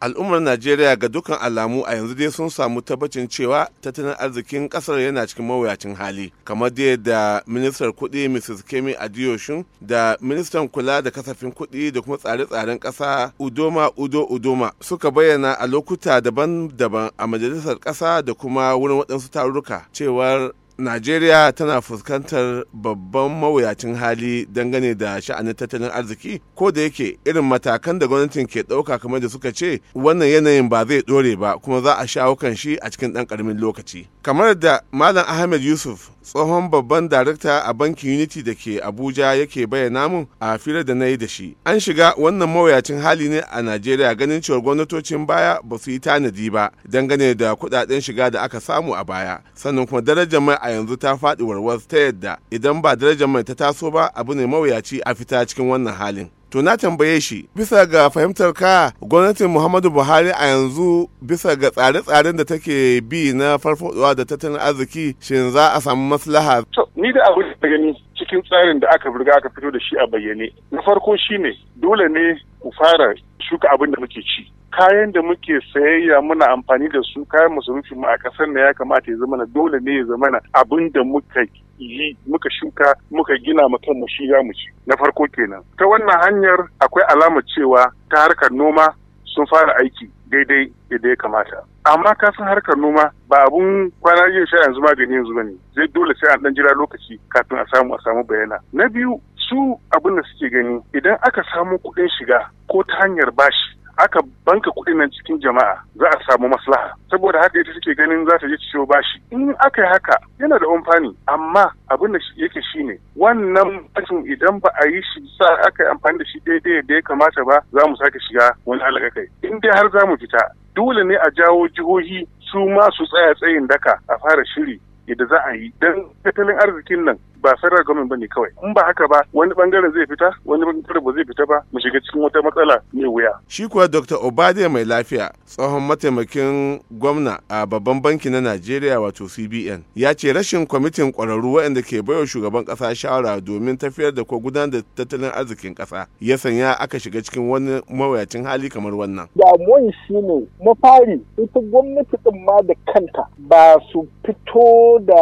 al'ummar najeriya ga dukkan alamu a yanzu dai sun samu tabbacin cewa tattalin arzikin kasar yana cikin mawuyacin hali kamar dai da ministar kuɗi mrs kemi adiyoshin da ministan kula da kasafin kuɗi da kuma tsare-tsaren ƙasa udoma udo udoma suka bayyana a lokuta daban-daban a majalisar ƙasa da kuma wurin waɗansu tarurruka cewar najeriya tana fuskantar babban mawuyacin hali dangane da sha'anin tattalin arziki ko da yake irin matakan da gwamnatin ke ɗauka kamar da suka ce wannan yanayin ba zai ɗore ba kuma za a shawo kan shi a cikin ɗan ƙaramin lokaci kamar da malam ahmed yusuf tsohon babban darakta a bankin unity da ke abuja yake bayyana mun a firar da na yi da shi an shiga wannan mawuyacin hali ne a najeriya ganin cewar gwamnatocin baya ba su yi tanadi ba dangane da kudaden shiga da aka samu a baya sannan kuma darajar mai a yanzu ta faɗi warwas ta yadda idan ba darajar mai ta taso ba abu ne mawuyaci a fita cikin wannan halin to na tambaye shi bisa ga fahimtar ka gwamnatin muhammadu buhari a yanzu bisa ga tsare-tsaren da take bi na farfadowa da tattalin arziki shin za a samu maslaha to ni da abu da gani cikin tsarin da aka burga aka fito da shi a bayyane na farko shine dole ne ku fara shuka abin da muke ci kayan da muke sayayya muna amfani da su kayan masarufi mu a kasar na ya kamata ya zama na dole ne ya zamana abin da muka yi muka shuka muka gina mu kanmu shi za mu ci na farko kenan ta wannan hanyar akwai alamar cewa ta harkar noma sun fara aiki daidai yadda ya kamata amma ka san harkar noma ba abun kwana yin sha yanzu magani yanzu bane zai dole sai an dan jira lokaci kafin a samu a samu bayana na biyu su abin da suke gani idan aka samu kuɗin shiga ko ta hanyar bashi aka banka kuɗin nan cikin jama'a za a samu maslaha saboda haka ita take ganin za ta je ciwo bashi in aka yi haka yana da amfani amma abin da yake shine wannan bashin idan ba a yi shi sa aka yi amfani da shi daidai da ya kamata ba za mu sake shiga wani kai. in dai har za mu fita dole ne a jawo jihohi su ma su tsaya tsayin daka a fara shiri yadda za a yi don tattalin arzikin nan ba federal government bane kawai in ba haka ba wani bangare zai fita wani bangaren ba zai fita ba mu shiga cikin wata matsala mai wuya shi kuwa dr obade mai lafiya tsohon mataimakin gwamna a babban banki na najeriya wato cbn ya ce rashin kwamitin kwararru waɗanda ke baiwa shugaban ƙasa shawara domin tafiyar da ko gudanar da tattalin arzikin ƙasa ya sanya aka shiga cikin wani mawuyacin hali kamar wannan damuwan shine mafari ita gwamnati din ma da kanta ba su fito da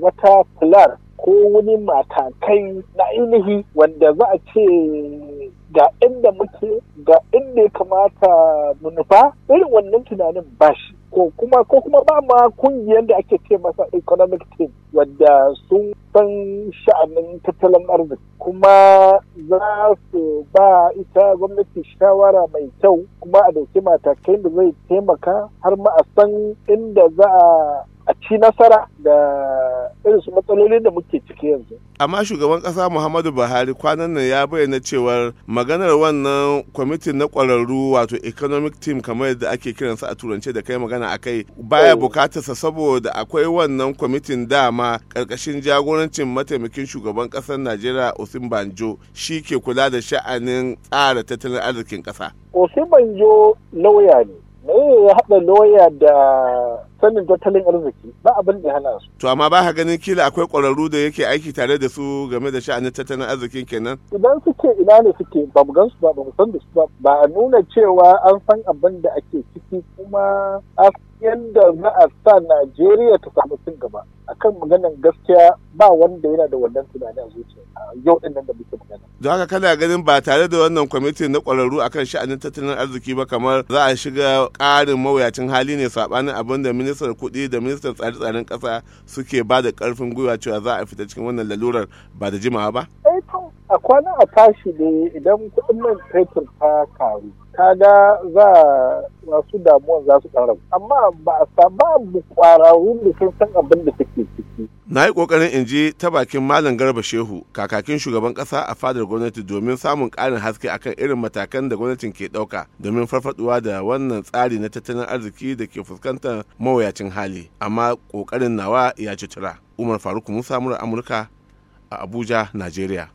wata filar ko wani matakai na ainihi wanda za a ce ga inda muke ga inda ya kamata mu nufa irin wannan tunanin ba shi ko kuma ko kuma ba ma kungiyar da ake ce masa economic team wadda sun san sha'anin tattalin arziki kuma za su ba ita gwamnati shawara mai kyau kuma a dauki matakai da zai taimaka har ma a san inda za a a ci nasara da irin su matsalolin da muke ciki yanzu. Amma shugaban ƙasa Muhammadu Buhari kwanan nan ya bayyana cewar maganar wannan kwamitin na ƙwararru wato economic team kamar yadda ake kiransa a turance da kai magana a kai baya oh. bukatarsa saboda akwai wannan kwamitin dama ƙarƙashin jagorancin mataimakin shugaban ƙasar Najeriya Osin Banjo shi ke kula da sha'anin tsara tattalin arzikin ƙasa. Osin Banjo lauya ne. Me ya haɗa lauya da sanin tattalin arziki ba abin da hana su. To amma ba ka ganin kila akwai ƙwararru da yake aiki tare da su game da sha'anin tattalin arzikin kenan? Idan suke ina ne suke ba mu gansu ba ba mu san da su ba ba a nuna cewa an san abin da ake ciki kuma yadda za a sa Najeriya ta samu cin gaba akan maganan gaskiya ba wanda yana da wannan tunani a zuciya yau din nan da muke magana. Don haka kana ganin ba tare da wannan kwamitin na kwararru akan sha'anin tattalin arziki ba kamar za a shiga ƙarin mawuyacin hali ne saɓanin abin da ministan kuɗi da ministan tsare-tsaren ƙasa suke ba da ƙarfin gwiwa cewa za a fita cikin wannan lalurar ba da jimawa ba? a kwana a tashi ne idan kuɗin man fetur ta karu kaga za masu damuwan za su ƙara amma ba a samu ƙwararrun da sun san abin da take ciki na yi ƙoƙarin in je ta bakin malam garba shehu kakakin shugaban ƙasa a fadar gwamnati domin samun ƙarin haske akan irin matakan da gwamnatin ke ɗauka domin farfaduwa da wannan tsari na tattalin arziki da ke fuskantar mawuyacin hali amma ƙoƙarin nawa ya ci tura umar faruk musa mura amurka a abuja najeriya